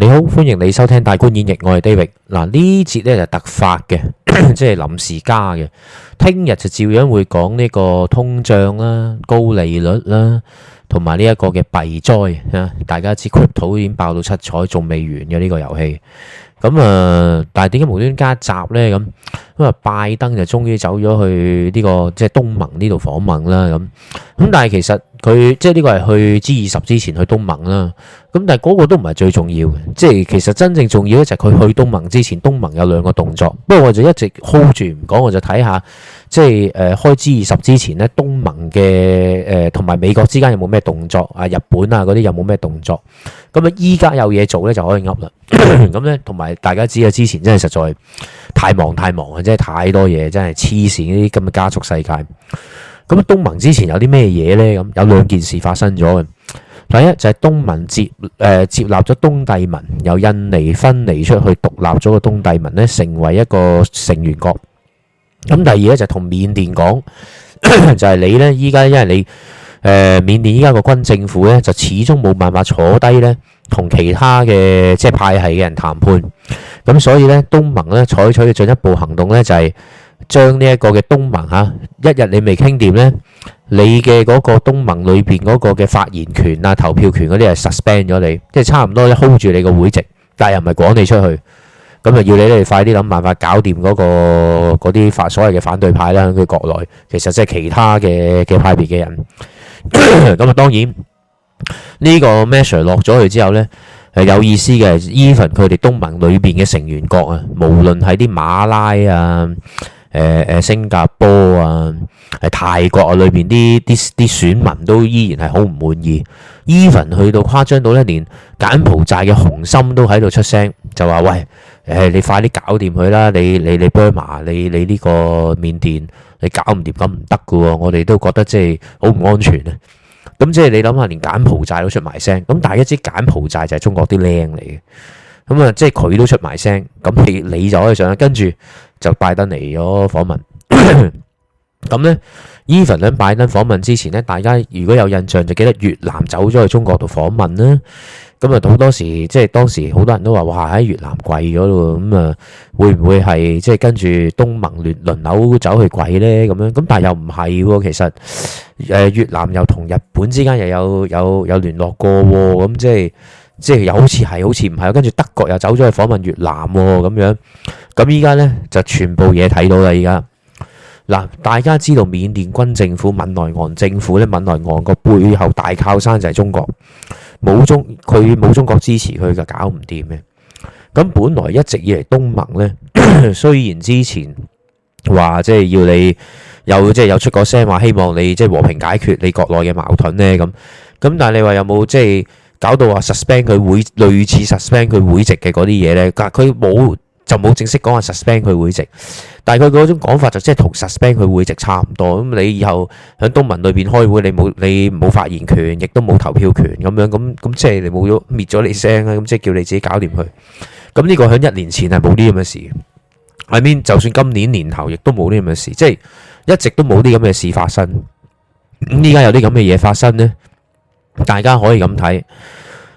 你好，歡迎你收聽大觀演繹，我係 David。嗱呢節咧就突發嘅， 即係臨時加嘅。聽日就照樣會講呢個通脹啦、高利率啦，同埋呢一個嘅幣災啊！大家知 Crypto 已經爆到七彩，仲未完嘅呢個遊戲。咁啊，但係點解無端端加集呢？咁咁啊，拜登就終於走咗去呢個即係東盟呢度訪問啦。咁咁，但係其實。佢即係呢個係去 G20 之前去東盟啦，咁但係嗰個都唔係最重要嘅，即係其實真正重要咧就係佢去東盟之前，東盟有兩個動作。不過我就一直 hold 住唔講，我就睇下即係誒開 G20 之前呢，東盟嘅誒同埋美國之間有冇咩動作啊？日本啊嗰啲有冇咩動作？咁啊依家有嘢做咧就可以噏啦。咁咧同埋大家知啊，之前真係實在太忙太忙啊，真係太多嘢，真係黐線呢啲咁嘅加速世界。咁東盟之前有啲咩嘢咧？咁有兩件事發生咗嘅。第一就係東盟接誒，接納咗東帝汶由印尼分離出去獨立咗個東帝汶咧，成為一個成員國。咁第二咧就同緬甸講，就係你咧依家因為你誒，緬甸依家個軍政府咧就始終冇辦法坐低咧，同其他嘅即係派系嘅人談判。咁所以咧東盟咧採取嘅進一步行動咧就係，將呢一個嘅東盟嚇，一日你未傾掂咧，你嘅嗰個東盟裏邊嗰個嘅發言權啊、投票權嗰啲係 suspend 咗你，即係差唔多咧 hold 住你個會籍，但係又唔係趕你出去，咁啊要你哋快啲諗辦法搞掂嗰個嗰啲反所謂嘅反對派啦。佢國內其實即係其他嘅嘅派別嘅人，咁啊當然呢個 measure 落咗去之後咧係有意思嘅。Even 佢哋東盟裏邊嘅成員國啊，無論係啲馬拉啊。誒誒，新加坡啊，係泰國啊，裏邊啲啲啲選民都依然係好唔滿意。even 去到誇張到咧，連柬埔寨嘅雄心都喺度出聲，就話喂，誒你快啲搞掂佢啦！你你你 Burma，你你呢個緬甸，你搞唔掂咁唔得噶喎！我哋都覺得即係好唔安全咧。咁即係你諗下，連柬埔寨都出埋聲，咁但係一支柬埔寨就係中國啲靚嚟。咁啊、嗯，即係佢都出埋聲，咁、嗯、你你就可以上啦。跟住就拜登嚟咗訪問，咁呢 even 喺拜登訪問之前呢，大家如果有印象就記得越南走咗去中國度訪問啦。咁、嗯、啊，好多時即係當時好多人都話哇，喺越南跪咗咯，咁、嗯、啊，會唔會係即係跟住東盟聯輪流走去跪呢？咁、嗯、樣？咁但係又唔係喎，其實誒越南又同日本之間又有有有聯絡過喎，咁、嗯、即係。即係又好似係，好似唔係。跟住德國又走咗去訪問越南喎，咁樣。咁依家呢，就全部嘢睇到啦。依家嗱，大家知道緬甸軍政府、敏昂萊政府咧，敏昂萊個背後大靠山就係中國，冇中佢冇中國支持佢，就搞唔掂嘅。咁本來一直以嚟東盟呢， 雖然之前話即係要你有即係有出個聲，話希望你即係和平解決你國內嘅矛盾呢。咁咁，但係你話有冇即係？搞到話 suspend 佢會類似 suspend 佢會籍嘅嗰啲嘢咧，但佢冇就冇正式講話 suspend 佢會籍，但係佢嗰種講法就即係同 suspend 佢會籍差唔多。咁你以後喺東盟裏邊開會，你冇你冇發言權，亦都冇投票權咁樣，咁咁即係你冇咗滅咗你聲呀。咁即係叫你自己搞掂佢。咁呢個喺一年前係冇啲咁嘅事，I mean，就算今年年頭亦都冇啲咁嘅事，即係一直都冇啲咁嘅事發生。咁依家有啲咁嘅嘢發生咧。大家可以咁睇，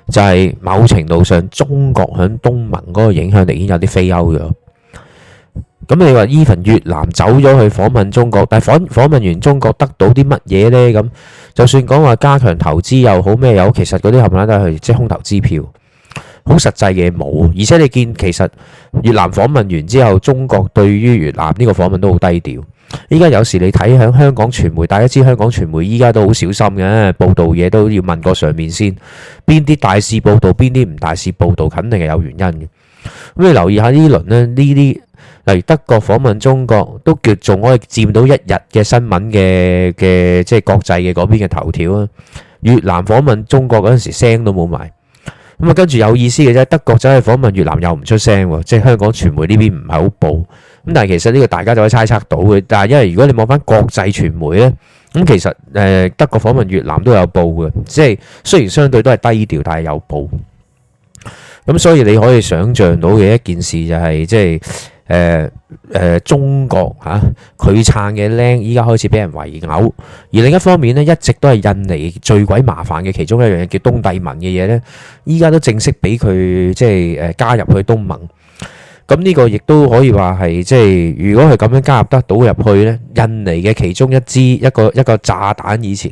就係、是，某程度上，中國響東盟嗰個影響力已經有啲飛歐咗。咁你話 even 越南走咗去訪問中國，但係訪訪問完中國得到啲乜嘢呢？咁就算講話加強投資又好咩又好，其實嗰啲冚唪唥都係即係空頭支票，好實際嘅冇。而且你見其實越南訪問完之後，中國對於越南呢個訪問都好低調。依家有時你睇喺香港傳媒，大家知香港傳媒依家都好小心嘅，報道嘢都要問過上面先，邊啲大事報道，邊啲唔大事報道，肯定係有原因嘅。咁你留意下呢輪呢，呢啲例如德國訪問中國都叫做可以佔到一日嘅新聞嘅嘅，即係國際嘅嗰邊嘅頭條啊。越南訪問中國嗰陣時聲都冇埋，咁啊跟住有意思嘅啫，德國走去訪問越南又唔出聲，即係香港傳媒呢邊唔係好報。咁但係其實呢個大家就可以猜測到嘅，但係因為如果你望翻國際傳媒呢，咁其實誒德國訪問越南都有報嘅，即係雖然相對都係低調，但係有報。咁所以你可以想像到嘅一件事就係，是，即係誒誒中國嚇佢，啊，撐嘅靚，依家開始俾人圍毆。而另一方面呢，一直都係印尼最鬼麻煩嘅其中一樣嘢，叫東帝汶嘅嘢呢，依家都正式俾佢即係誒加入去東盟。咁呢個亦都可以話係即係，如果係咁樣加入得到入去咧，印尼嘅其中一支一個一個炸彈以前，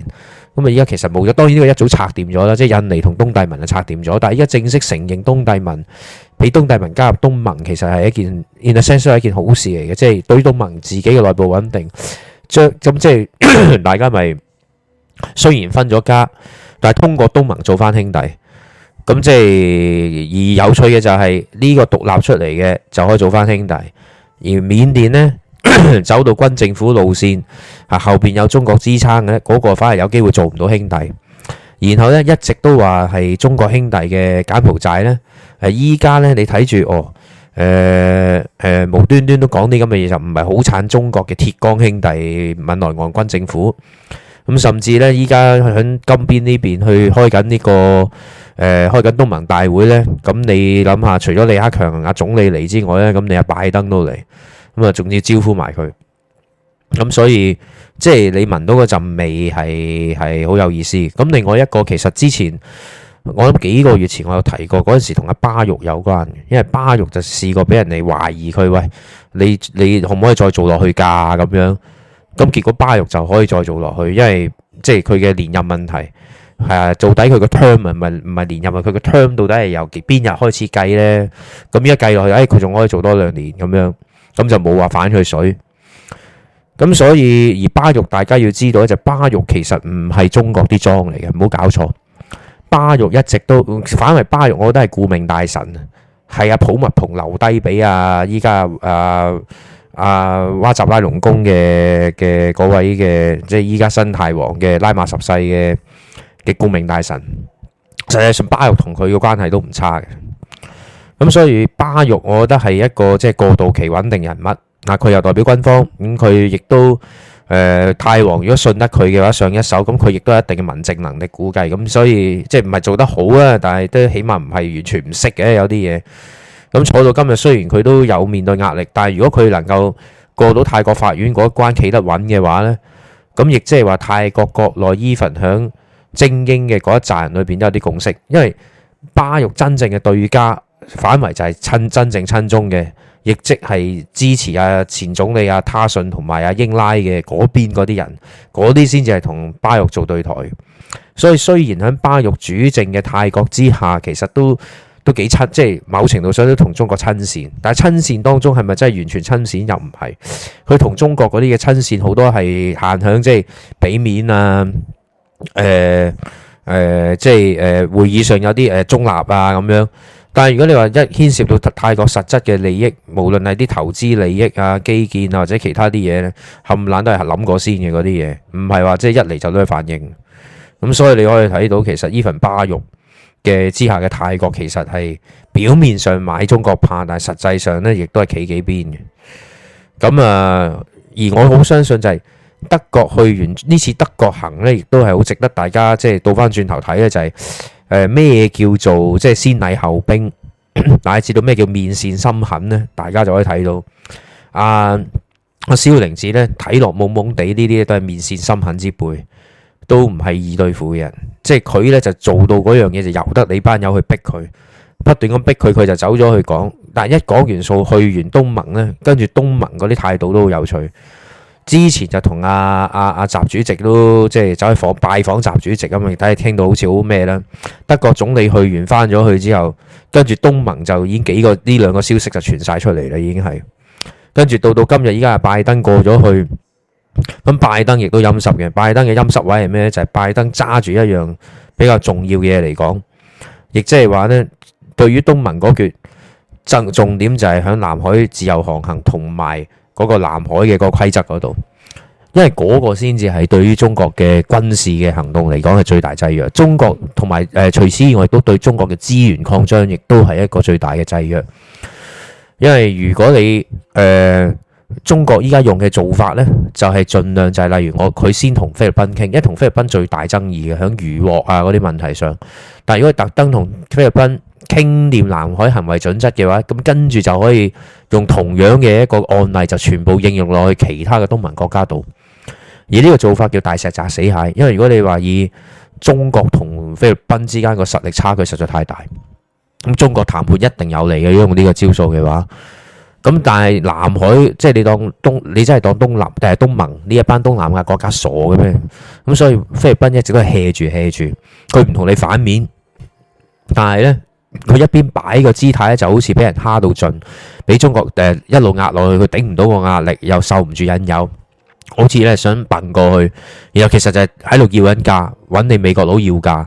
咁啊而家其實冇咗，當然呢個一早拆掂咗啦，即係印尼同東帝汶就拆掂咗，但係而家正式承認東帝汶俾東帝汶加入東盟，其實係一件 in a sense 係一件好事嚟嘅，即係對於東盟自己嘅內部穩定，將咁即係大家咪雖然分咗家，但係通過東盟做翻兄弟。咁即係而有趣嘅就係呢個獨立出嚟嘅就可以做翻兄弟，而緬甸咧走到軍政府路線，嚇後邊有中國支撐嘅嗰個反而有機會做唔到兄弟。然後咧一直都話係中國兄弟嘅柬埔寨咧，誒依家咧你睇住哦，誒誒無端端都講啲咁嘅嘢，就唔係好撐中國嘅鐵鋼兄弟緬來岸軍政府咁，甚至咧依家喺金邊呢邊去開緊呢個。誒開緊東盟大會咧，咁你諗下，除咗李克強阿總理嚟之外咧，咁你阿拜登都嚟，咁啊總之招呼埋佢，咁所以即係你聞到嗰陣味係係好有意思。咁另外一個其實之前我諗幾個月前我有提過，嗰陣時同阿巴育有關，因為巴育就試過俾人哋懷疑佢，喂，你你可唔可以再做落去㗎咁樣？咁結果巴育就可以再做落去，因為即係佢嘅連任問題。係啊，做底佢個 term 唔，唔唔係連任啊。佢個 term 到底係由邊日開始計咧？咁依家計落，誒佢仲可以做多兩年咁樣，咁就冇話反佢水咁。所以而巴育大家要知道咧，就巴育其實唔係中國啲莊嚟嘅，唔好搞錯。巴育一直都反為巴育，我覺得係顧命大臣啊。係啊，普密蓬留低俾啊，依家啊啊哇，集拉隆功嘅、嘅嗰位嘅，即係依家新泰王嘅拉馬十世嘅。嘅顧命大臣，實際上巴育同佢嘅關係都唔差嘅，咁所以巴育我覺得係一個即係、就是、過渡期穩定人物。嗱，佢又代表軍方，咁佢亦都誒、呃、泰王如果信得佢嘅話，上一手，咁佢亦都有一定嘅民政能力估計。估計咁，所以即係唔係做得好啊？但係都起碼唔係完全唔識嘅有啲嘢。咁坐到今日，雖然佢都有面對壓力，但係如果佢能夠過到泰國法院嗰一關企得穩嘅話咧，咁亦即係話泰國國內 even 響精英嘅嗰一紮人裏邊都有啲共識，因為巴育真正嘅對家反而就係親真正親中嘅，亦即係支持阿、啊、前總理阿、啊、他信同埋阿英拉嘅嗰邊嗰啲人，嗰啲先至係同巴育做對台。所以雖然喺巴育主政嘅泰國之下，其實都都幾親，即係某程度上都同中國親善。但係親善當中係咪真係完全親善又唔係？佢同中國嗰啲嘅親善好多係限喺即係俾面啊。誒誒、呃呃，即係誒、呃，會議上有啲誒、呃、中立啊咁樣，但係如果你話一牽涉到泰國實質嘅利益，無論係啲投資利益啊、基建啊或者其他啲嘢咧，冚唪唥都係諗過先嘅嗰啲嘢，唔係話即係一嚟就都係反應。咁所以你可以睇到，其實伊份巴育嘅之下嘅泰國，其實係表面上買中國派，但係實際上咧，亦都係企幾邊嘅。咁啊，而我好相信就係、是。德國，去完呢次德國行咧，亦都係好值得大家即係倒翻轉頭睇咧，就係誒咩叫做即係先禮後兵， 乃至到咩叫面善心狠咧？大家就可以睇到阿阿蕭玲子咧，睇落懵懵地呢啲都係面善心狠之輩，都唔係易對付嘅人。即係佢咧就做到嗰樣嘢，就由得你班友去逼佢，不斷咁逼佢，佢就走咗去講。但係一講完數去完東盟咧，跟住東盟嗰啲態度都好有趣。之前就同阿阿阿習主席都即係走去訪拜訪習主席咁嘛，睇嚟聽到好似好咩啦。德國總理去完翻咗去之後，跟住東盟就已經幾個呢兩個消息就傳晒出嚟啦，已經係。跟住到到今日依家係拜登過咗去，咁拜登亦都陰濕嘅。拜登嘅陰濕位係咩咧？就係、是、拜登揸住一樣比較重要嘅嘢嚟講，亦即係話咧，對於東盟嗰橛，重重點就係響南海自由航行同埋。嗰個南海嘅個規則嗰度，因為嗰個先至係對於中國嘅軍事嘅行動嚟講係最大制約。中國同埋誒，除此以外都對中國嘅資源擴張，亦都係一個最大嘅制約。因為如果你誒、呃、中國依家用嘅做法呢，就係、是、儘量就係、是、例如我佢先同菲律賓傾，因為同菲律賓最大爭議嘅響漁獲啊嗰啲問題上，但如果特登同菲律賓。傾掂南海行為準則嘅話，咁跟住就可以用同樣嘅一個案例，就全部應用落去其他嘅東盟國家度。而呢個做法叫大石砸死蟹，因為如果你話以中國同菲律賓之間個實力差距實在太大，咁中國談判一定有利嘅，因用呢個招數嘅話，咁但係南海即係你當東你真係當東南定係東盟呢一班東南亞國家傻嘅咩？咁所以菲律賓一直都係 hea 住 hea 住，佢唔同你反面，但係呢。佢一邊擺個姿態咧，就好似俾人蝦到盡，俾中國誒一路壓落去，佢頂唔到個壓力，又受唔住引誘，好似咧想笨過去，然後其實就係喺度要緊價，搵你美國佬要價，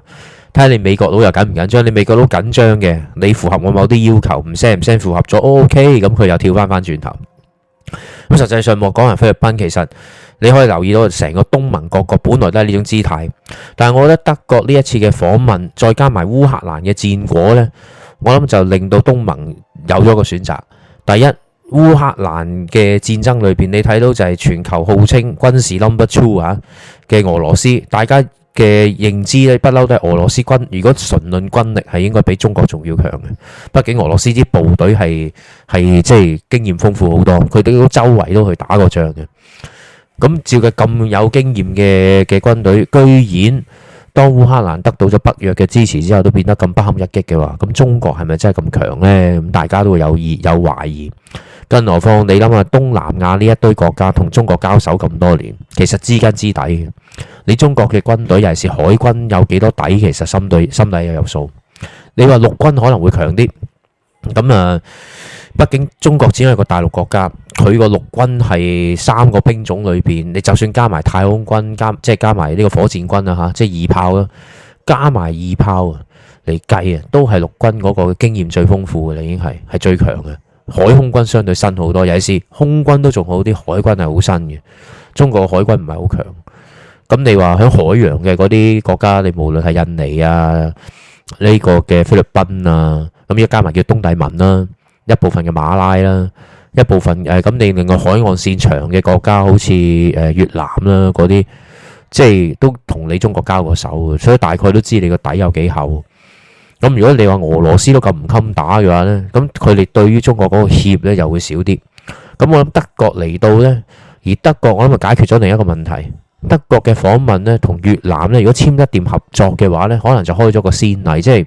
睇下你美國佬又緊唔緊張？你美國佬緊張嘅，你符合我某啲要求，唔聲唔聲符合咗，OK，咁佢又跳翻翻轉頭。咁實際上莫講人菲律賓其實。你可以留意到成個東盟各國本來都係呢種姿態，但係我覺得德國呢一次嘅訪問，再加埋烏克蘭嘅戰果呢，我諗就令到東盟有咗個選擇。第一，烏克蘭嘅戰爭裏邊，你睇到就係全球號稱軍事 number two 啊嘅俄羅斯，大家嘅認知咧，不嬲都係俄羅斯軍。如果純論軍力係應該比中國仲要強嘅，畢竟俄羅斯啲部隊係係即係經驗豐富好多，佢哋都周圍都去打過仗嘅。咁照佢咁有經驗嘅嘅軍隊，居然當烏克蘭得到咗北約嘅支持之後，都變得咁不堪一擊嘅話，咁中國係咪真係咁強呢？咁大家都會有意有懷疑，更何況你諗下東南亞呢一堆國家同中國交手咁多年，其實知根知底嘅。你中國嘅軍隊，尤其是海軍有幾多底，其實心對心底又有數。你話陸軍可能會強啲，咁啊。畢竟中國只係個大陸國家，佢個陸軍係三個兵種裏邊，你就算加埋太空軍，加即係加埋呢個火箭軍啦，吓即係二炮咯，加埋二炮啊，嚟計啊，都係陸軍嗰個經驗最豐富嘅啦，你已經係係最強嘅，海空軍相對新好多。有啲是空軍都仲好啲，海軍係好新嘅。中國嘅海軍唔係好強。咁你話喺海洋嘅嗰啲國家，你無論係印尼啊，呢個嘅菲律賓啊，咁一加埋叫東帝汶啦。一部分嘅馬拉啦，一部分誒，咁你另外海岸線長嘅國家，好似誒越南啦嗰啲，即係都同你中國交過手，所以大概都知你個底有幾厚。咁如果你話俄羅斯都咁唔襟打嘅話呢，咁佢哋對於中國嗰個脅呢又會少啲。咁我諗德國嚟，到呢，而德國我諗就解決咗另一個問題，德國嘅訪問呢，同越南呢，如果簽一碟合作嘅話呢，可能就開咗個先例，即係。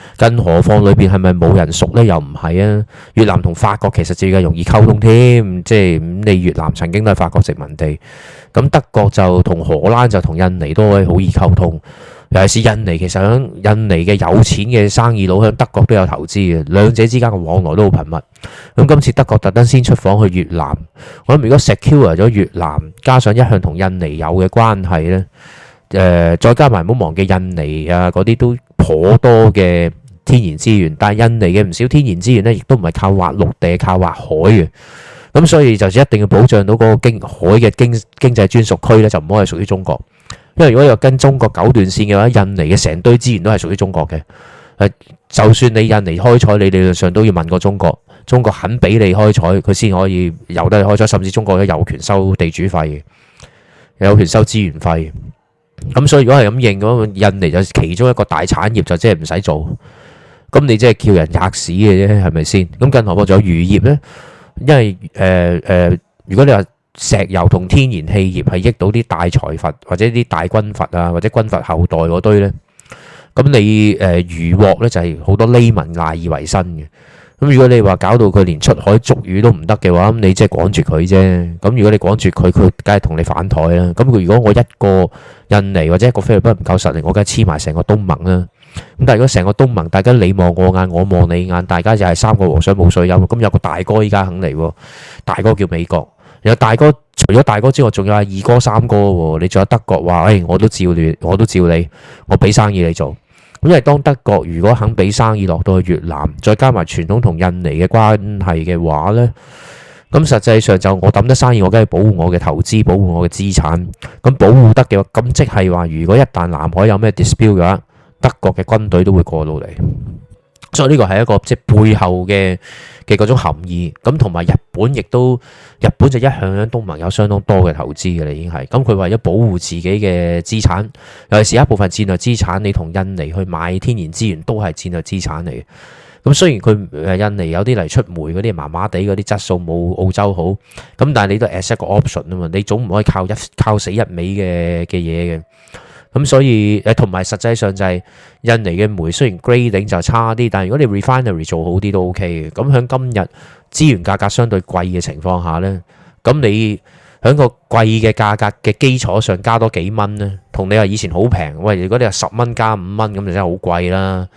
更何況裏邊係咪冇人熟呢？又唔係啊！越南同法國其實越嚟越容易溝通添，即係你越南曾經都係法國殖民地，咁德國就同荷蘭就同印尼都可以好易溝通，尤其是印尼其實響印尼嘅有錢嘅生意佬響德國都有投資嘅，兩者之間嘅往來都好頻密。咁今次德國特登先出訪去越南，我諗如果 secure 咗越南，加上一向同印尼有嘅關係呢，誒、呃，再加埋唔好忘記印尼啊嗰啲都頗多嘅天然資源，但係印尼嘅唔少天然資源咧，亦都唔係靠挖陸地，靠挖海嘅。咁所以就一定要保障到嗰個經海嘅經經濟專屬區咧，就唔可以屬於中國。因為如果有跟中國九段線嘅話，印尼嘅成堆資源都係屬於中國嘅。誒，就算你印尼開採，你理論上都要問過中國。中國肯俾你開採，佢先可以由得你開採，甚至中國都有權收地主費，有權收資源費。咁所以如果係咁應咁認咁，印尼就其中一個大產業就即係唔使做。咁你即係叫人揦屎嘅啫，係咪先？咁更何況仲有漁業呢？因為誒誒、呃呃，如果你話石油同天然氣業係益到啲大財閥或者啲大軍閥啊，或者軍閥後代嗰堆呢，咁你誒漁、呃、獲呢就係好多匿民賴，賴以為生嘅。咁如果你話搞到佢連出海捉魚都唔得嘅話，咁你即係趕住佢啫。咁如果你趕住佢，佢梗係同你反台啦。咁如果我一個印尼或者一個菲律賓唔夠實力，我梗係黐埋成個東盟啦。咁但如果成個東盟，大家你望我眼，我望你眼，大家就係三個和尚冇水飲。咁有個大哥依家肯嚟，大哥叫美國。有大哥除咗大哥之外，仲有二哥、三哥。你仲有德國話，誒、哎，我都照你，我都照你，我俾生意你做。因為當德國如果肯俾生意落到去越南，再加埋傳統同印尼嘅關係嘅話呢，咁實際上就我抌得生意，我梗係保護我嘅投資，保護我嘅資產。咁保，保護得嘅話，咁即係話如果一旦南海有咩 dispute 嘅話。德國嘅軍隊都會過路嚟，所以呢個係一個即係背後嘅嘅嗰種含義。咁同埋日本亦都，日本就一向喺東盟有相當多嘅投資嘅啦，已經係。咁佢為咗保護自己嘅資產，尤其是一部分戰略資產，你同印尼去買天然資源都係戰略資產嚟嘅。咁雖然佢印尼有啲嚟出煤嗰啲麻麻地嗰啲質素冇澳洲好，咁但係你都 as 一個 option 啊嘛，你總唔可以靠一靠死一味嘅嘅嘢嘅。咁所以誒，同埋實際上就係印尼嘅煤雖然 grading 就差啲，但係如果你 refinery 做好啲都 OK 嘅。咁喺今日資源價格相對貴嘅情況下呢，咁你喺個貴嘅價格嘅基礎上加多幾蚊呢，同你話以前好平，喂，如果你話十蚊加五蚊咁就真係好貴啦。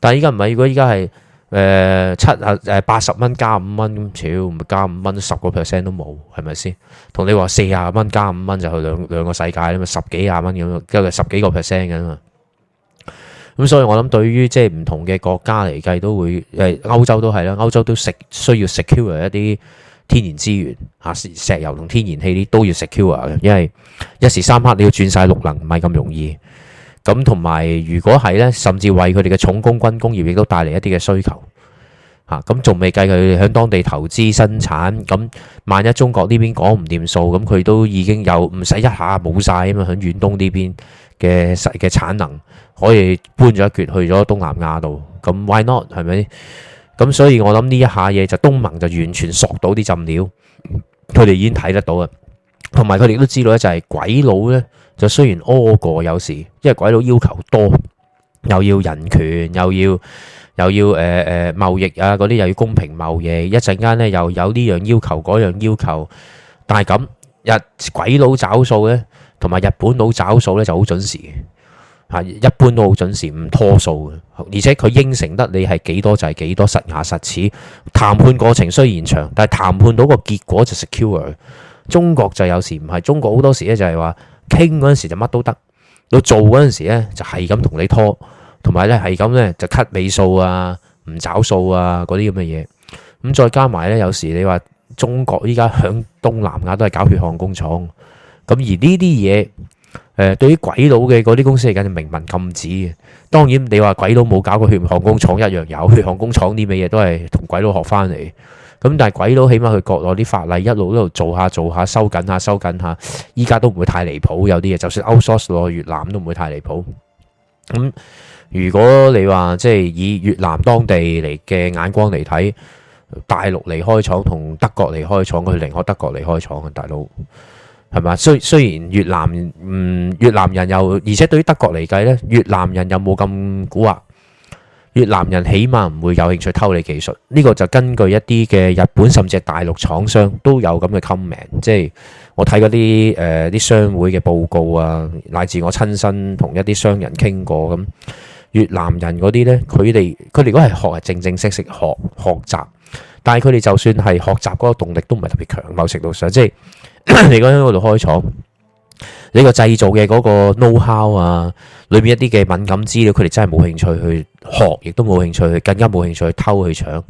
但係依家唔係，如果依家係。誒，七啊誒，八十蚊加五蚊咁少，加五蚊，十個 percent 都冇，係咪先？同你話四廿蚊加五蚊就去兩兩個世界啦嘛，十幾廿蚊咁，即係十幾個 percent 嘅嘛。咁所以我諗，對於即係唔同嘅國家嚟計，都會誒，歐洲，洲都係啦，歐洲都食需要 secure 啊一啲天然資源啊，石油同天然氣啲都要 secure 啊，因為一時三刻你要轉晒綠能，唔係咁容易。咁同埋，如果係咧，甚至為佢哋嘅重工軍工業亦都帶嚟一啲嘅需求，嚇咁仲未計佢喺當地投資生產。咁萬一中國呢邊講唔掂數，咁佢都已經有唔使一下冇晒，啊嘛！喺遠東呢邊嘅實嘅產能，可以搬咗一橛去咗東南亞度。咁 Why not？係咪？咁所以我諗呢一下嘢就東盟就完全索到啲浸料，佢哋已經睇得到啊。同埋佢哋都知道咧、就係，就係鬼佬咧。就雖然屙過有時，因為鬼佬要求多，又要人權，又要又要誒誒、呃呃、貿易啊，嗰啲又要公平貿易，一陣間咧又有呢樣要求，嗰樣要求。但係咁日鬼佬找數咧，同埋日本佬找數咧就好準時啊，一般都好準時，唔拖數嘅。而且佢應承得你係幾多就係幾多，實牙實齒。談判過程雖然長，但係談判到個結果就 secure。中國就有時唔係，中國好多時咧就係話。傾嗰陣時就乜都得，到做嗰陣時咧就係咁同你拖，同埋咧係咁咧就 cut 尾數啊，唔找數啊嗰啲咁嘅嘢。咁再加埋咧，有時你話中國依家響東南亞都係搞血汗工廠，咁而呢啲嘢，誒，對於鬼佬嘅嗰啲公司嚟緊就明文禁止嘅。當然你話鬼佬冇搞過血汗工廠一樣有，血汗工廠啲咩嘢都係同鬼佬學翻嚟。咁但係鬼佬起碼去國內啲法例一路一路做下做下收緊下收緊下，依家都唔會太離譜。有啲嘢就算 outsourced 落越南都唔會太離譜。咁、嗯、如果你話即係以越南當地嚟嘅眼光嚟睇，大陸嚟開廠同德國嚟開廠，佢寧可德國嚟開廠啊！大佬係咪？雖雖然越南嗯越南人又而且對於德國嚟計咧，越南人又冇咁古惑。越南人起碼唔會有興趣偷你技術，呢個就根據一啲嘅日本甚至大陸廠商都有咁嘅 comment，即係我睇嗰啲誒啲商會嘅報告啊，乃至我親身同一啲商人傾過咁。越南人嗰啲呢，佢哋佢哋如果係學係正正式式學學習，但係佢哋就算係學習嗰個動力都唔係特別強，某程度上即係你講喺嗰度開廠。呢個製造嘅嗰個 know-how 啊，裏面一啲嘅敏感資料，佢哋真係冇興趣去學，亦都冇興趣，更加冇興趣去偷去搶。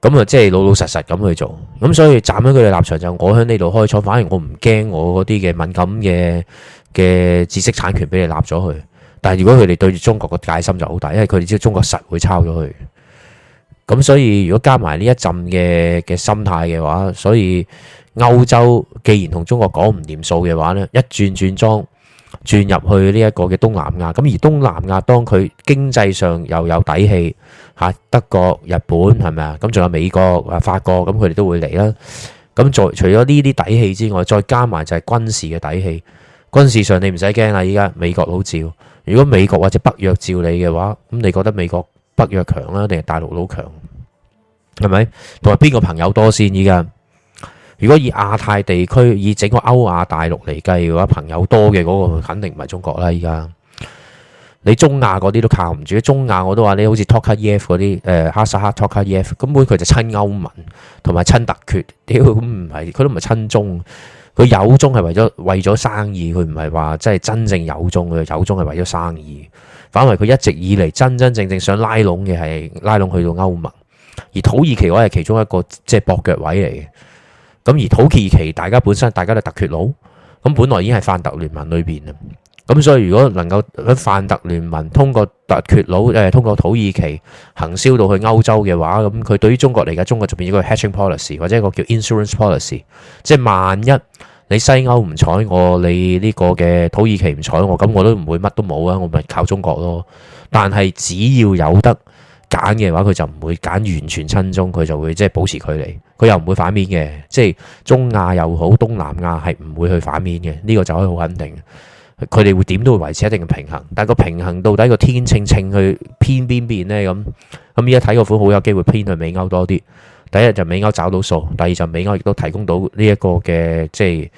咁啊，即係老老實實咁去做。咁所以站喺佢哋立場就，我喺呢度開廠，反而我唔驚我嗰啲嘅敏感嘅嘅知識產權俾你立咗去。但係如果佢哋對住中國嘅戒心就好大，因為佢哋知道中國實會抄咗去。咁所以如果加埋呢一陣嘅嘅心態嘅話，所以。歐洲既然同中國講唔掂數嘅話呢，一轉轉裝轉入去呢一個嘅東南亞，咁而東南亞當佢經濟上又有底氣嚇，德國、日本係咪啊？咁仲有美國啊、法國咁，佢哋都會嚟啦。咁除咗呢啲底氣之外，再加埋就係軍事嘅底氣。軍事上你唔使驚啦，依家美國佬照。如果美國或者北約照你嘅話，咁你覺得美國北約強啦，定係大陸佬強？係咪？同埋邊個朋友多先？依家？如果以亞太地區，以整個歐亞大陸嚟計嘅話，朋友多嘅嗰、那個肯定唔係中國啦。依家你中亞嗰啲都靠唔住，中亞我都話你好似 TOKA E F 嗰啲，誒、呃、哈薩克 TOKA E F 根本佢就親歐盟同埋親特權，屌，咁唔係佢都唔係親中，佢有中係為咗為咗生意，佢唔係話真係真正有中嘅，有中係為咗生意。反為佢一直以嚟真真正正想拉攏嘅係拉攏去到歐盟，而土耳其我係其中一個即係駁腳位嚟嘅。咁而土耳其大家本身大家都突厥佬，咁本來已經係泛特聯盟裏邊啦，咁所以如果能夠喺泛特聯盟通過突厥佬誒、呃、通過土耳其行銷到去歐洲嘅話，咁佢對於中國嚟講，中國就變咗個 hatching policy 或者一個叫 insurance policy，即係萬一你西歐唔睬我，你呢個嘅土耳其唔睬我，咁我都唔會乜都冇啊，我咪靠中國咯。但係只要有得。揀嘅話，佢就唔會揀完全親中，佢就會即係保持距離。佢又唔會反面嘅，即係中亞又好，東南亞係唔會去反面嘅。呢個就可以好肯定，佢哋會點都會維持一定嘅平衡。但係個平衡到底個天秤秤去偏邊邊呢？咁咁？依家睇個款好有機會偏去美歐多啲。第一就美歐找到數，第二就美歐亦都提供到呢一個嘅即係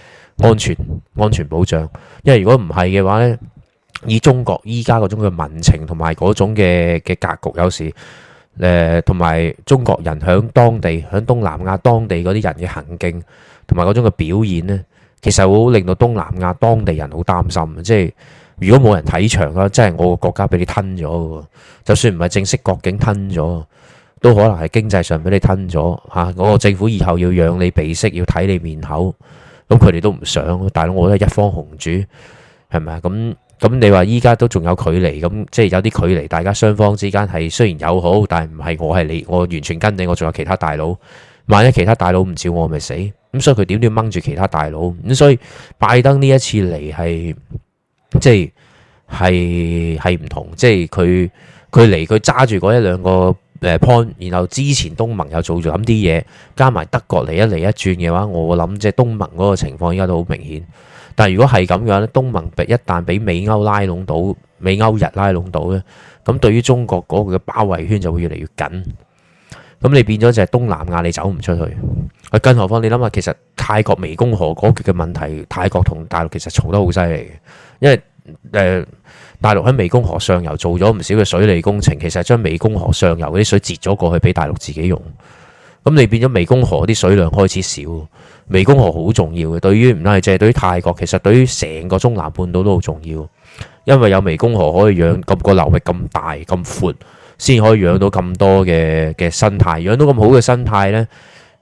安全安全保障。因為如果唔係嘅話呢，以中國依家嗰種嘅民情同埋嗰種嘅嘅格局，有時誒同埋中國人響當地響東南亞當地嗰啲人嘅行徑同埋嗰種嘅表現呢，其實會令到東南亞當地人好擔心。即係如果冇人睇場啦，即係我個國家俾你吞咗，就算唔係正式國境吞咗，都可能係經濟上俾你吞咗嚇。我、啊那個政府以後要養你鼻息，要睇你面口，咁佢哋都唔想。但係，我覺得一方雄主係咪咁咁你話依家都仲有距離，咁即係有啲距離，大家雙方之間係雖然友好，但係唔係我係你，我完全跟你，我仲有其他大佬。萬一其他大佬唔照我，咪死。咁所以佢點都要掹住其他大佬。咁所以拜登呢一次嚟係即係係係唔同，即係佢佢嚟佢揸住嗰一兩個誒 point，然後之前東盟又做咗咁啲嘢，加埋德國嚟一嚟一轉嘅話，我諗即係東盟嗰個情況依家都好明顯。但係如果係咁樣咧，東盟一旦俾美歐拉攏到，美歐日拉攏到咧，咁對於中國嗰個嘅包圍圈就會越嚟越緊。咁你變咗就係東南亞你走唔出去，更何況你諗下，其實泰國湄公河嗰橛嘅問題，泰國同大陸其實嘈得好犀利，因為誒、呃、大陸喺湄公河上游做咗唔少嘅水利工程，其實將湄公河上游嗰啲水截咗過去俾大陸自己用。咁你變咗湄公河啲水量開始少，湄公河好重要嘅，對於唔係淨係對於泰國，其實對於成個中南半島都好重要。因為有湄公河可以養咁個流域咁大咁闊，先可以養到咁多嘅嘅生態，養到咁好嘅生態呢，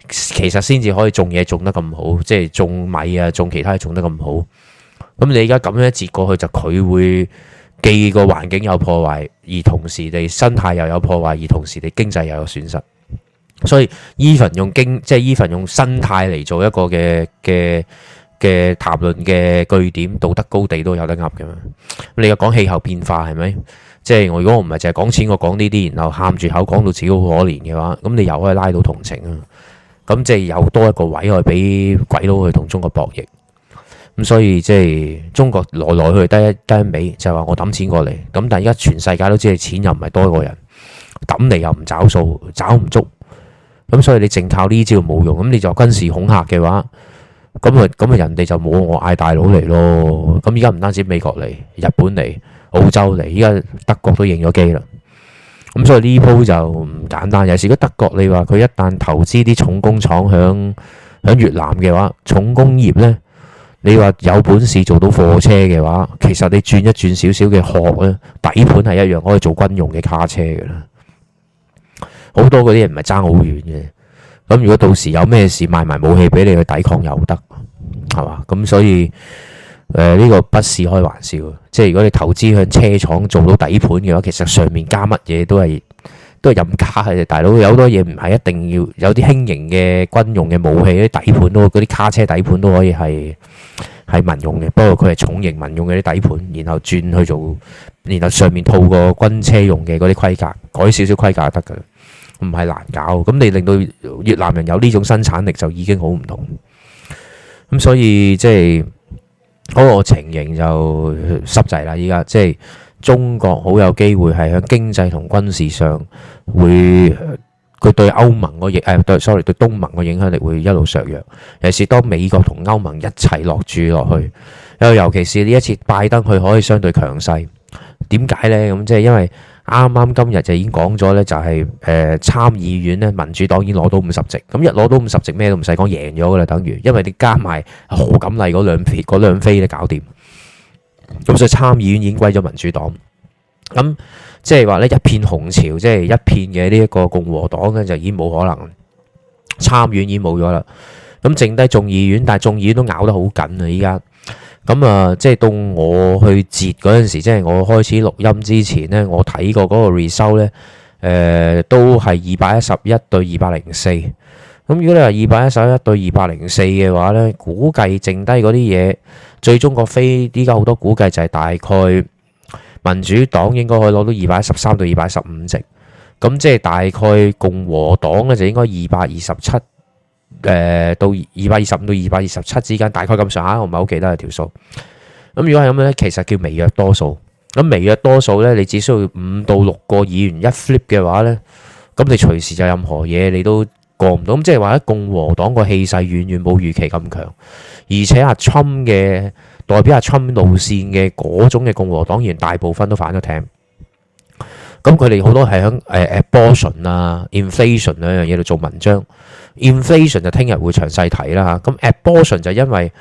其實先至可以種嘢種得咁好，即係種米啊，種其他嘢種得咁好。咁你而家咁樣一截過去，就佢會既個環境有破壞，而同時你生態又有破壞，而同時你經濟又有損失。所以 even 用經，即係 even 用生態嚟做一個嘅嘅嘅談論嘅據點，道德高地都有得啱嘅。你又講氣候變化係咪？即係我如果我唔係淨係講錢，我講呢啲，然後喊住口講到自己好可憐嘅話，咁你又可以拉到同情啊。咁即係有多一個位可以去俾鬼佬去同中國博弈。咁所以即係中國來來去得一得一尾，就係話我抌錢過嚟。咁但係而家全世界都知，錢又唔係多一個人抌嚟又唔找數，找唔足。咁所以你淨靠呢招冇用，咁你就軍事恐嚇嘅話，咁啊咁啊人哋就冇我嗌大佬嚟咯。咁依家唔單止美國嚟，日本嚟，澳洲嚟，依家德國都認咗機啦。咁所以呢鋪就唔簡單。有時如果德國你話佢一旦投資啲重工廠響響越南嘅話，重工業呢，你話有本事做到貨車嘅話，其實你轉一轉少少嘅殼呢，底盤係一樣可以做軍用嘅卡車嘅啦。好多嗰啲嘢唔係爭好遠嘅。咁如果到時有咩事，賣埋武器俾你去抵抗又得，係嘛？咁所以誒呢、呃呢個不是開玩笑，即係如果你投資向車廠做到底盤嘅話，其實上面加乜嘢都係都係任加嘅。大佬有好多嘢唔係一定要，有啲輕型嘅軍用嘅武器啲底盤，都嗰啲卡車底盤都可以係係民用嘅，不過佢係重型民用嗰啲底盤，然後轉去做，然後上面套個軍車用嘅嗰啲規格，改少少規格就得㗎。唔係難搞，咁你令到越南人有呢種生產力就已經好唔同。咁所以即係嗰個情形就濕滯啦。依家即係中國好有機會係喺經濟同軍事上會佢、呃、對歐盟個影誒，對 sorry 對東盟個影響力會一路削弱。尤其是當美國同歐盟一齊落注落去，又尤其是呢一次拜登佢可以相對強勢。點解呢？咁即係因為。啱啱今日就已經講咗咧，就係誒參議院咧，民主黨已經攞到五十席，咁一攞到五十席咩都唔使講，贏咗噶啦，等於因為你加埋何錦麗嗰兩撇嗰兩飛咧搞掂，咁所以參議院已經歸咗民主黨。咁即係話咧，一片紅潮，即係一片嘅呢一個共和黨咧，就已經冇可能，參議院已經冇咗啦。咁剩低眾議院，但係眾議院都咬得好緊啊！依家咁啊、嗯，即係到我去截嗰陣時，即係我開始錄音之前咧，我睇過過嗰個 result 咧，誒、呃、都係二百一十一對二百零四。咁如果你話二百一十一對二百零四嘅話咧，估計剩低嗰啲嘢，最終個飛依家好多估計就係大概民主黨應該可以攞到二百一十三到二百一十五席，咁即係大概共和黨咧就應該二百二十七。.誒，到二百二十五到二百二十七之間，大概咁上下，我唔係好記得係條數。咁如果係咁樣咧，其實叫微弱多數。咁微弱多數咧，你只需要五到六個議員一 flip 嘅話咧，咁你隨時就任何嘢你都過唔到。咁即係話，共和黨個氣勢遠遠冇預期咁強。而且阿侵嘅代表阿侵路線嘅嗰種嘅共和黨議員，大部分都反咗艇。咁佢哋好多係響誒，abortion 啊，inflation 兩樣嘢度做文章。Inflation 就聽日會詳細睇啦。咁 abortion 就因為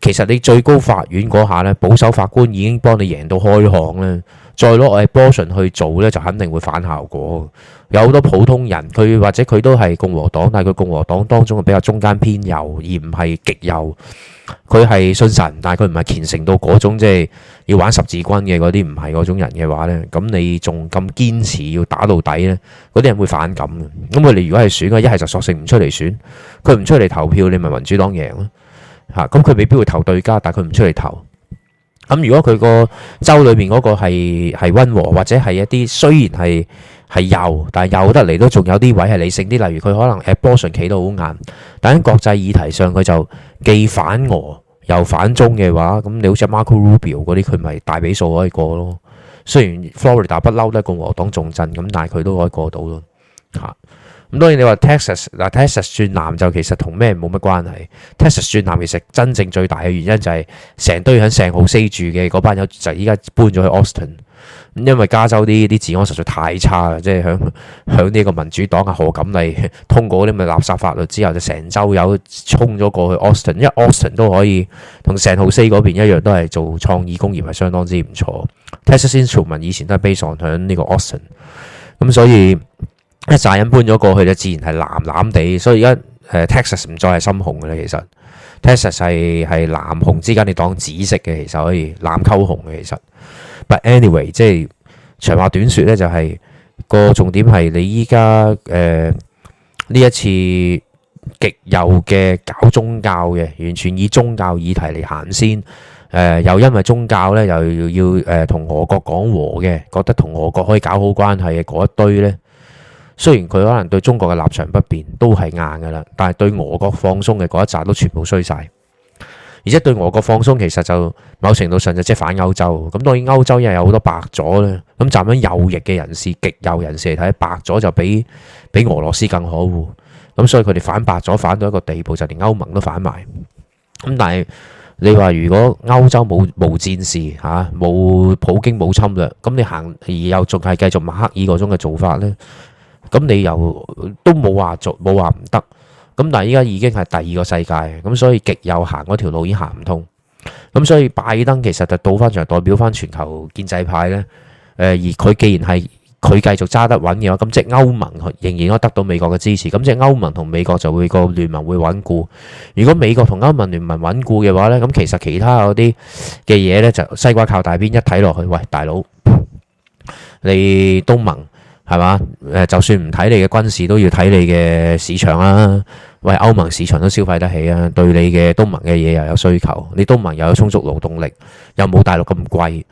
其實你最高法院嗰下咧，保守法官已經幫你贏到開行咧，再攞 abortion 去做咧，就肯定會反效果。有好多普通人，佢或者佢都係共和黨，但係佢共和黨當中係比較中間偏右，而唔係極右。佢係信神，但係佢唔係虔誠到嗰種，即係要玩十字軍嘅嗰啲，唔係嗰種人嘅話咧，咁你仲咁堅持要打到底咧，嗰啲人會反感嘅。咁佢哋如果係選嘅，一係就索性唔出嚟選，佢唔出嚟投票，你咪民主黨贏咯吓。咁佢未必會投對家，但係佢唔出嚟投。咁如果佢個州裏面嗰個係係溫和或者係一啲雖然係。係右，但係右得嚟都仲有啲位係理性啲。例如佢可能 Abortion 企到好硬，但喺國際議題上佢就既反俄又反中嘅話，咁你好似 Marco Rubio 嗰啲佢咪大比數可以過咯。雖然 Florida 不嬲都係共和黨重鎮，咁但係佢都可以過到咯。嚇，咁當然你話 Texas 嗱，Texas 轉藍就其實同咩冇乜關係。Texas 轉藍其實真正最大嘅原因就係成堆喺成號 C 住嘅嗰班友就依家搬咗去 Austin。因為加州啲啲治安實在太差啦，即係響響呢個民主黨啊何錦麗通過啲咪垃圾法律之後，就成州有沖咗過去 Austin，因為 Austin 都可以同聖荷西嗰邊一樣，都係做創意工業，係相當之唔錯。Texas Instruments、嗯、以前都係 base 響呢個 Austin，咁所以一紮人搬咗過去就自然係藍藍地，所以而家誒 Texas 唔再係深紅嘅啦，其實 Texas 係係藍紅之間，你當紫色嘅，其實可以藍溝紅嘅其實。But anyway，即係長話短説咧，就係個重點係你依家誒呢一次極右嘅搞宗教嘅，完全以宗教議題嚟行先。誒又因為宗教咧，又要誒同俄國講和嘅，覺得同俄國可以搞好關係嘅嗰一堆咧，雖然佢可能對中國嘅立場不變，都係硬㗎喇，但係對俄國放鬆嘅嗰一扎都全部衰晒。而且對俄國放鬆，其實就某程度上就即係反歐洲。咁當然歐洲又有好多白左咧，咁站喺右翼嘅人士、極右人士嚟睇，白左就比比俄羅斯更可惡。咁所以佢哋反白左反到一個地步，就連歐盟都反埋。咁但係你話如果歐洲冇冇戰事嚇，冇普京冇侵略，咁你行而又仲係繼續馬克爾嗰種嘅做法咧，咁你又都冇話做冇話唔得。咁但係依家已經係第二個世界，咁所以極右行嗰條路已經行唔通，咁所以拜登其實就倒翻場代表翻全球建制派呢。誒，而佢既然係佢繼續揸得穩嘅話，咁即係歐盟仍然都得到美國嘅支持，咁即係歐盟同美國就會，嗰個聯盟會穩固。如果美國同歐盟聯盟穩固嘅話呢，咁其實其他嗰啲嘅嘢呢，就西瓜靠大邊一睇落去，喂大佬，你東盟。係嘛？誒，就算唔睇你嘅軍事，都要睇你嘅市場啦。為歐盟市場都消費得起啊，對你嘅東盟嘅嘢又有需求。你東盟又有充足勞動力，又冇大陸咁貴。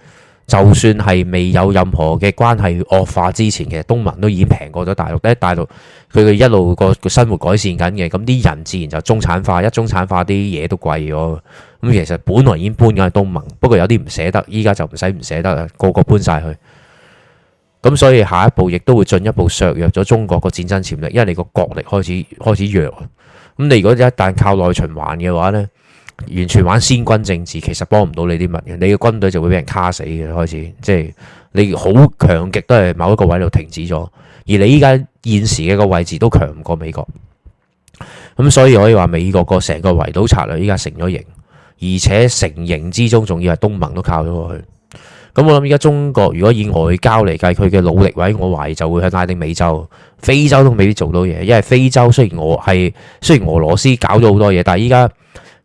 就算係未有任何嘅關係惡化之前，其實東盟都已經平過咗大陸。因為大陸佢哋一路個個生活改善緊嘅，咁啲人自然就中產化，一中產化啲嘢都貴咗。咁其實本來已經搬緊去東盟，不過有啲唔捨得，依家就唔使唔捨得啦，個個搬晒去。咁所以下一步亦都會進一步削弱咗中國個戰爭潛力，因為你個國力開始開始弱。咁你如果一旦靠內循環嘅話呢完全玩先軍政治，其實幫唔到你啲乜嘢，你嘅軍隊就會俾人卡死嘅開始，即係你好強極都係某一個位度停止咗。而你依家現時嘅個位置都強唔過美國，咁所以可以話美國個成個圍堵策略依家成咗形，而且成形之中仲要係東盟都靠咗過去。咁我諗依家中國如果以外交嚟計，佢嘅努力位，我懷疑就會喺拉丁美洲、非洲都未必做到嘢，因為非洲雖然俄係雖然俄羅斯搞咗好多嘢，但係依家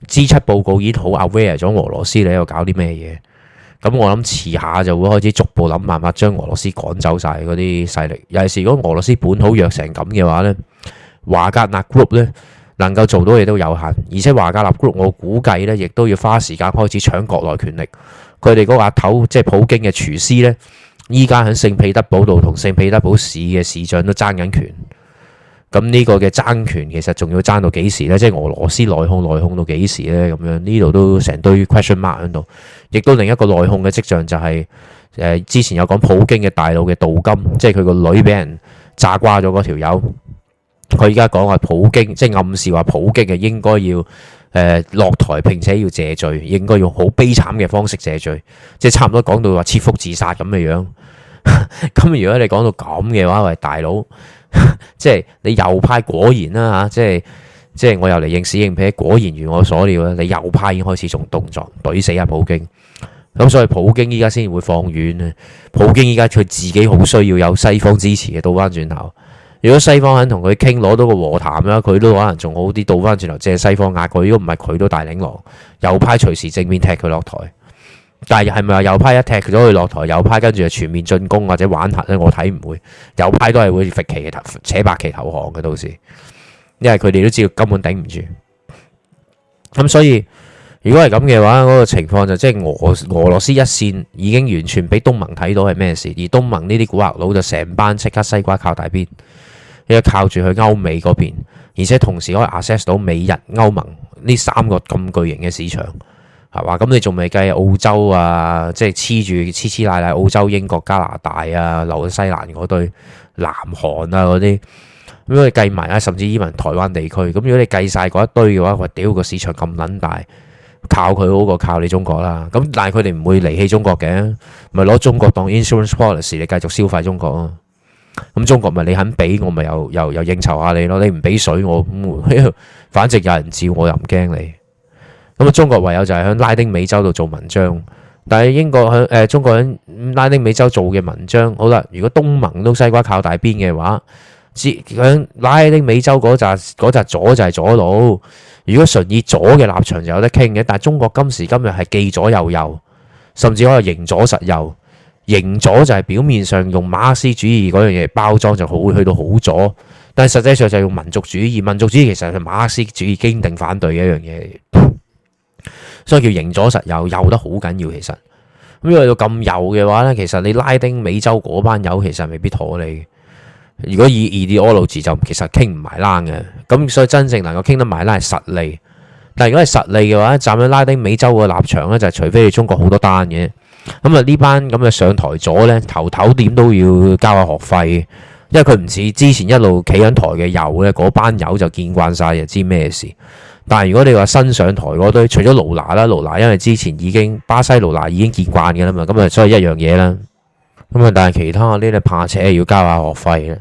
支出報告已經好 aware 咗俄羅斯你喺度搞啲咩嘢。咁我諗遲下就會開始逐步諗辦法將俄羅斯趕走晒嗰啲勢力。尤其是如果俄羅斯本土弱成咁嘅話呢，華格納 group 呢能夠做到嘢都有限，而且華格納 group 我估計呢亦都要花時間開始搶國內權力。佢哋嗰個阿頭即係普京嘅廚師呢，依家喺聖彼得堡度同聖彼得堡市嘅市長都爭緊權。咁呢個嘅爭權其實仲要爭到幾時呢？即係俄羅斯內訌內訌到幾時呢？咁樣呢度都成堆 question mark 喺度。亦都另一個內訌嘅跡象就係、是、誒之前有講普京嘅大佬嘅杜金，即係佢個女俾人炸瓜咗嗰條友。佢依家講話普京，即係暗示話普京嘅應該要。落台並且要謝罪，應該用好悲慘嘅方式謝罪，即係差唔多講到話切腹自殺咁嘅樣。咁 如果你講到咁嘅話，喂大佬， 即係你右派果然啦吓，即係即係我又嚟應屎應屁，果然如我所料啦。你右派已經開始做動作，懟死阿、啊、普京。咁所以普京依家先會放軟咧。普京依家佢自己好需要有西方支持嘅，倒翻轉頭。如果西方肯同佢傾，攞到個和談啦，佢都可能仲好啲。倒翻轉頭借西方壓佢，如果唔係佢都大領狼右派隨時正面踢佢落台。但係係咪話右派一踢咗佢落台，右派跟住就全面進攻或者玩黑咧？我睇唔會右派都係會伏旗嘅，扯白旗投降嘅。到時，因為佢哋都知道根本頂唔住。咁所以如果係咁嘅話，嗰、那個情況就即、是、係、就是、俄俄羅斯一線已經完全俾東盟睇到係咩事，而東盟呢啲古惑佬就成班即刻西瓜靠大邊。要靠住去歐美嗰邊，而且同時可以 assess 到美日歐盟呢三個咁巨型嘅市場，係嘛？咁你仲未計澳洲啊？即係黐住黐黐賴賴澳洲、英國、加拿大啊、紐西蘭嗰堆、南韓啊嗰啲，咁你計埋啊，甚至移民台灣地區。咁如果你計晒嗰一堆嘅話，我屌個市場咁撚大，靠佢好過靠你中國啦。咁但係佢哋唔會離棄中國嘅，咪攞中國當 insurance policy 嚟繼續消費中國咯。咁中國咪你肯俾我咪又又又應酬下你咯？你唔俾水我， 反正有人照，我又唔驚你。咁啊，中國唯有就係響拉丁美洲度做文章。但係英國響誒、呃，中國響拉丁美洲做嘅文章好啦。如果東盟都西瓜靠大邊嘅話，喺拉丁美洲嗰扎扎左就係左佬。如果純以左嘅立場就有得傾嘅，但係中國今時今日係既左右右，甚至可以形左實右。形左就係表面上用馬克思主義嗰樣嘢包裝就好，去到好左。但係實際上就係用民族主義，民族主義其實係馬克思主義堅定反對嘅一樣嘢， 所以叫形左實右，右得好緊要。其實咁，因為到咁右嘅話呢，其實你拉丁美洲嗰班友其實未必妥你。如果以以啲歐洲字就其實傾唔埋欄嘅，咁所以真正能夠傾得埋欄係實利。但係如果係實利嘅話，站喺拉丁美洲嘅立場呢，就係、除非你中國好多單嘢。咁啊！呢班咁嘅上台咗呢，頭頭點都要交下學費，因為佢唔似之前一路企緊台嘅友呢，嗰班友就見慣晒，就知咩事。但係如果你話新上台嗰堆，除咗盧娜啦，盧娜因為之前已經巴西盧娜已經見慣嘅啦嘛，咁啊，所以一樣嘢啦。咁啊，但係其他啲咧怕車要交下學費嘅，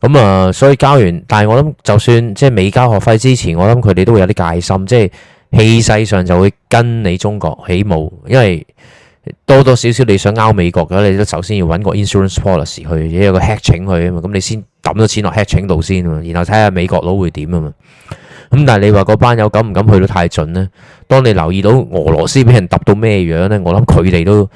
咁、嗯、啊，所以交完。但係我諗就算即係未交學費之前，我諗佢哋都會有啲戒心，即係氣勢上就會跟你中國起舞，因為。多多少少你想勾美國嘅，你都首先要揾個 insurance policy 去，有一個 hat 請去啊嘛，咁你先抌咗錢落 hat 請度先啊，然後睇下美國佬會點啊嘛。咁但係你話嗰班友敢唔敢去到太盡呢？當你留意到俄羅斯俾人揼到咩樣呢？我諗佢哋都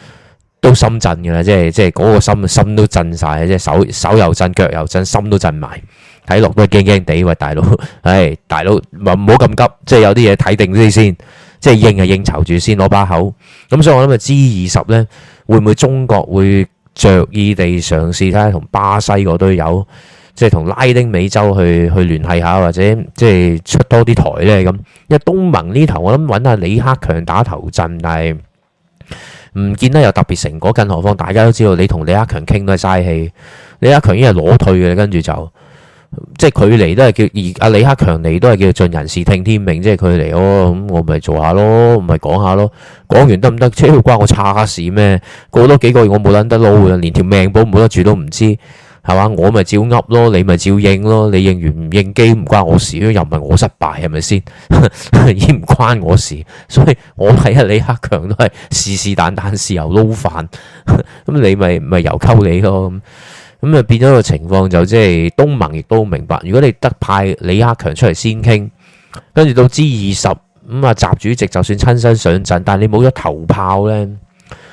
都心震嘅啦，即係即係嗰個心心都震晒，即係手手又震，腳又震，心都震埋，睇落都係驚驚地喂大佬，唉 大佬唔好咁急，即係有啲嘢睇定啲先。即係應係應酬住先攞把口，咁所以我諗啊 G 二十呢會唔會中國會着意地嘗試睇下同巴西嗰堆友，即係同拉丁美洲去去聯繫下，或者即係出多啲台呢。咁。因為東盟呢頭我諗揾下李克強打頭陣，但係唔見得有特別成果，更何況大家都知道你同李克強傾都係嘥氣，李克強已經係裸退嘅，跟住就。即係佢嚟都係叫而阿李克強嚟都係叫盡人事聽天命，即係佢嚟哦，咁我咪做下咯，咪講下咯，講完得唔得？車要關我叉事咩？過多幾個月我冇捻得撈，連條命保唔保得住都唔知，係嘛？我咪照噏咯，你咪照應咯，你應完唔應機唔關我事，又唔係我失敗，係咪先？已經 唔關我事，所以我睇下李克強都係是是但但、 就是但但，豉油撈飯，咁你咪咪油溝你咯。咁啊，變咗個情況就即係東盟亦都明白，如果你得派李克強出嚟先傾，跟住到 G 二十咁啊，習主席就算親身上陣，但係你冇咗頭炮咧，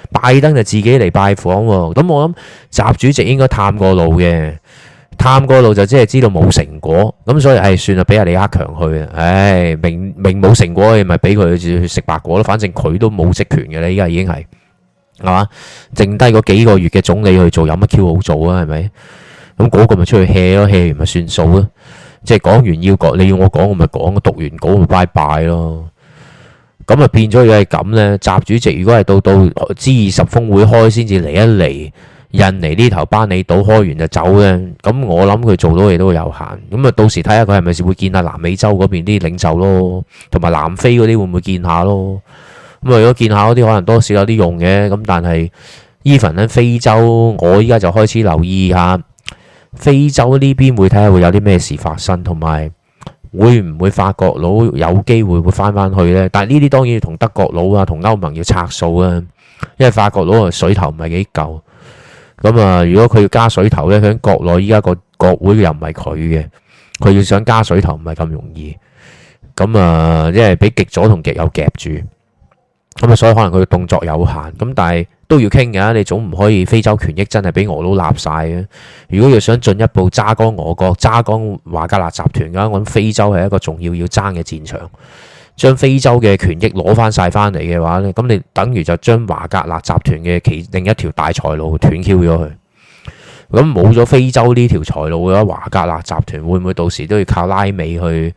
拜登就自己嚟拜訪喎。咁我諗習主席應該探過路嘅，探過路就即係知道冇成果，咁所以係算啦，俾阿李克強去啊。唉、哎，明明冇成果，你咪俾佢去食白果咯，反正佢都冇職權嘅啦，依家已經係。係嘛？剩低嗰幾個月嘅總理去做有乜 Q 好做啊？係咪？咁嗰個咪出去 hea 咯，hea 完咪算數咯。即係講完要講，你要我講我咪講，讀完稿咪 bye bye 咯。咁啊變咗又係咁呢。習主席如果係到到 G 二十峰會開先至嚟，一嚟，印尼呢頭巴厘島開完就走呢。咁我諗佢做到嘢都會有限。咁啊到時睇下佢係咪會見下南美洲嗰邊啲領袖咯，同埋南非嗰啲會唔會見下咯？咁如果見下嗰啲，可能多少有啲用嘅。咁但係 even 喺非洲，我依家就開始留意下非洲呢邊會睇下會有啲咩事發生，同埋會唔會法國佬有機會會翻翻去呢？但係呢啲當然要同德國佬啊，同歐盟要拆數啊，因為法國佬水頭唔係幾夠。咁啊，如果佢要加水頭呢，喺國內依家個國會又唔係佢嘅，佢要想加水頭唔係咁容易。咁啊，因為俾極左同極右夾住。咁啊，所以可能佢嘅動作有限，咁但係都要傾嘅。你總唔可以非洲權益真係俾俄佬立晒嘅。如果要想進一步揸乾俄國、揸乾華格納集團嘅，我諗非洲係一個重要要爭嘅戰場。將非洲嘅權益攞翻晒翻嚟嘅話咧，咁你等於就將華格納集團嘅其另一條大財路斷 Q 咗佢。咁冇咗非洲呢條財路嘅話，華格納集團會唔會到時都要靠拉美去？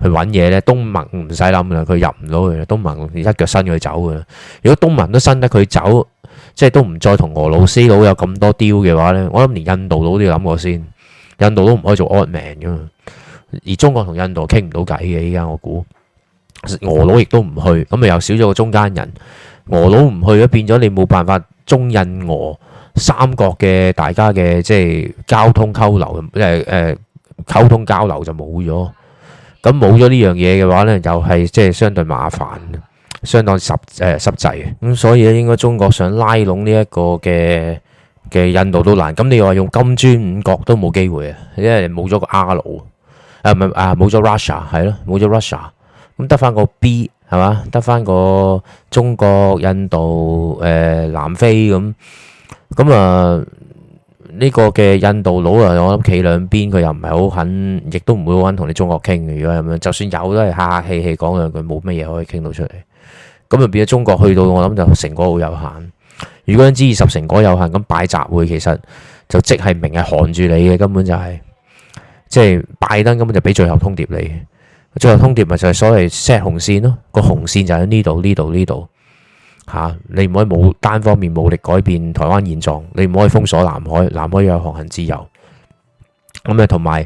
去揾嘢咧，東盟唔使諗啦，佢入唔到去啦，東盟一腳伸佢走噶啦。如果東盟都伸得佢走，即係都唔再同俄羅斯佬有咁多 deal 嘅話咧，我諗連印度佬都要諗過先，印度都唔可以做 odd man 噶嘛。而中國同印度傾唔到偈嘅，依家我估俄佬亦都唔去，咁咪又少咗個中間人。俄佬唔去咗，變咗你冇辦法中印俄三國嘅大家嘅即係交通溝流，即係誒溝通交流就冇咗。咁冇咗呢樣嘢嘅話呢，又係即係相對麻煩，相當濕誒濕滯。咁所以咧，應該中國想拉攏呢一個嘅嘅印度都難。咁你話用金磚五國都冇機會啊，因為冇咗個阿魯，誒唔係啊，冇咗 Russia 係咯，冇咗 Russia，咁得翻個 B 係嘛，得翻個中國、印度、誒、呃、南非咁，咁啊。呢個嘅印度佬啊，我諗企兩邊佢又唔係好肯，亦都唔會好肯同你中國傾。如果咁樣，就算有都係客客氣氣講兩句，冇乜嘢可以傾到出嚟。咁就變咗中國去到我諗就成果好有限。如果一支二十成果有限，咁拜集會其實就即係明係看住你嘅，根本就係、是、即係拜登根本就俾最後通牒你。最後通牒咪就係所謂 set 紅線咯，個紅線就喺呢度、呢度、呢度。嚇！你唔可以冇單方面武力改變台灣現狀，你唔可以封鎖南海，南海要有航行自由。咁啊，同埋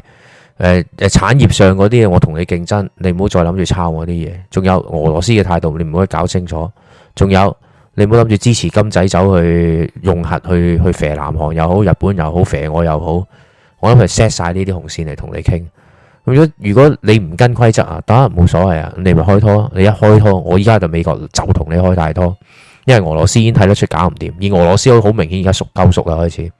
誒誒產業上嗰啲嘢，我同你競爭，你唔好再諗住抄我啲嘢。仲有俄羅斯嘅態度，你唔可以搞清楚。仲有你唔好諗住支持金仔走去用核去去射南韓又好，日本又好，射我又好。我諗佢 set 曬呢啲紅線嚟同你傾。咁如果如果你唔跟規則啊，當然冇所謂啊，你咪開拖，你一開拖，我依家就美國就同你開大拖。因為俄羅斯已經睇得出搞唔掂，而俄羅斯好明顯而家熟鳩熟啦，開始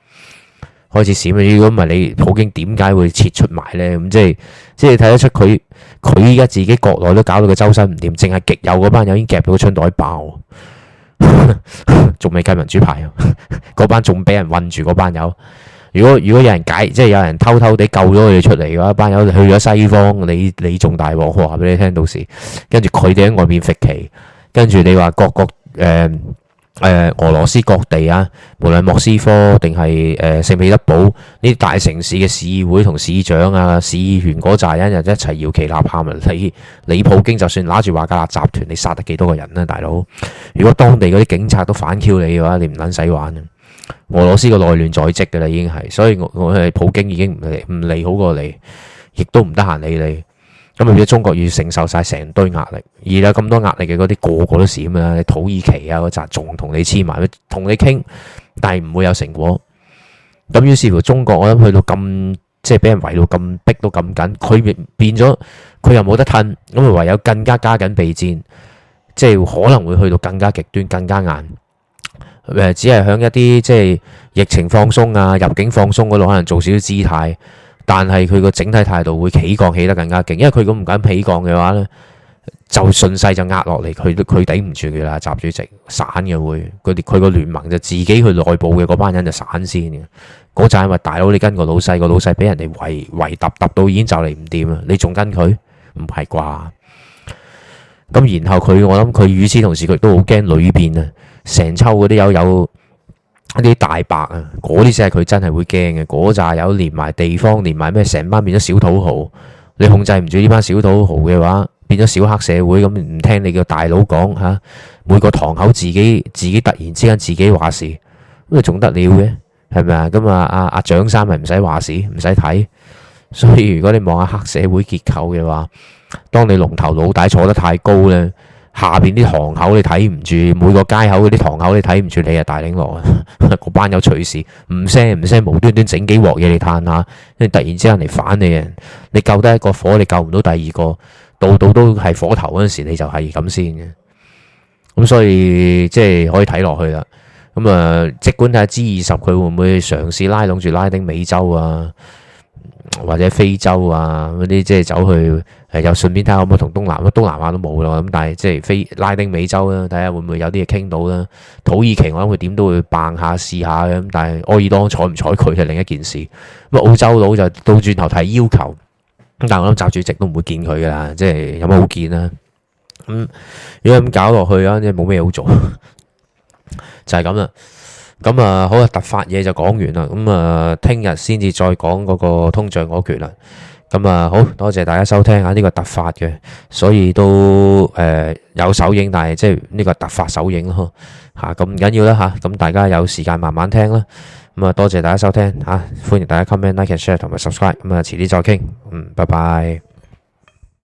開始閃。如果唔係你普京點解會撤出埋呢？咁、即係、即係即係睇得出佢佢依家自己國內都搞到佢周身唔掂，淨係極右嗰班友已經夾到個春袋爆，仲未計民主派嗰 班仲俾人困住嗰班友。如果如果有人解即係、即係、有人偷偷地救咗佢哋出嚟嘅話，班友去咗西方，你你仲大鑊話俾你聽到時，跟住佢哋喺外面復旗，跟住你話各國。誒誒、嗯呃，俄羅斯各地啊，無論莫斯科定係誒聖彼得堡呢啲大城市嘅市議會同市長啊、市議員嗰扎，一日一齊搖旗吶喊啊，你普京就算拿住瓦格納集團，你殺得幾多個人啊，大佬？如果當地嗰啲警察都反撬你嘅話，你唔捻使玩。俄羅斯個內亂在即噶啦，已經係，所以我我係普京已經唔嚟唔理好過你，亦都唔得閒理你。咁啊！而中國要承受晒成堆壓力，而有咁多壓力嘅嗰啲個個都閃啦。土耳其啊嗰紮仲同你黐埋，同你傾，但係唔會有成果。咁於是乎，中國我諗去到咁，即係俾人圍到咁逼到咁緊，佢變咗，佢又冇得褪，咁唯有更加加緊備戰，即係可能會去到更加極端、更加硬。誒，只係響一啲即係疫情放鬆啊、入境放鬆嗰度，可能做少少姿態。但係佢個整體態度會起降起得更加勁，因為佢咁唔敢起降嘅話呢就順勢就壓落嚟，佢佢抵唔住佢啦。習主席散嘅會，佢佢個聯盟就自己去內部嘅嗰班人就先散先嘅。嗰陣係咪大佬，你跟個老細，個老細俾人哋圍圍揼揼到已經就嚟唔掂啦，你仲跟佢？唔係啩？咁然後佢，我諗佢與此同時，佢都好驚裏邊啊，成抽嗰啲友友。一啲大白啊，嗰啲真係佢真係會驚嘅。嗰扎有連埋地方，連埋咩成班變咗小土豪。你控制唔住呢班小土豪嘅話，變咗小黑社會咁，唔聽你個大佬講吓。每個堂口自己自己突然之間自己話事，咁啊仲得了嘅，係咪啊？咁啊阿阿蔣生咪唔使話事，唔使睇。所以如果你望下黑社會結構嘅話，當你龍頭老大坐得太高呢。下邊啲堂口你睇唔住，每個街口嗰啲堂口你睇唔住你，你啊大領羅啊， 班有取事唔聲唔聲，無端端整幾鑊嘢你嘆下。因為突然之間嚟反你啊，你救得一個火，你救唔到第二個，度度都係火頭嗰陣時，你就係咁先嘅。咁所以即係可以睇落去啦。咁啊，即管睇下 G 二十佢會唔會嘗試拉攏住拉丁美洲啊？或者非洲啊嗰啲即係走去，誒又順便睇下可唔可以同東南，東南亞都冇咯。咁但係即係非拉丁美洲啦，睇下會唔會有啲嘢傾到啦。土耳其我諗佢點都會扮下試下嘅，但係埃爾多睬唔睬佢係另一件事。咁澳洲佬就到轉頭提要求，咁但係我諗習主席都唔會見佢噶，即係有乜好見啦。咁如果咁搞落去啊，即係冇咩好做， 就係咁啦。咁啊，好啊，突發嘢就講完啦。咁啊，聽日先至再講嗰個通脹嗰橛啦。咁啊，好多謝大家收聽啊，呢個突發嘅，所以都誒有首映，但係即係呢個突發首映咯嚇。咁唔緊要啦嚇，咁大家有時間慢慢聽啦。咁啊，多謝大家收聽嚇，歡迎大家 comment、like、share 同埋 subscribe。咁啊，遲啲再傾。嗯，拜拜。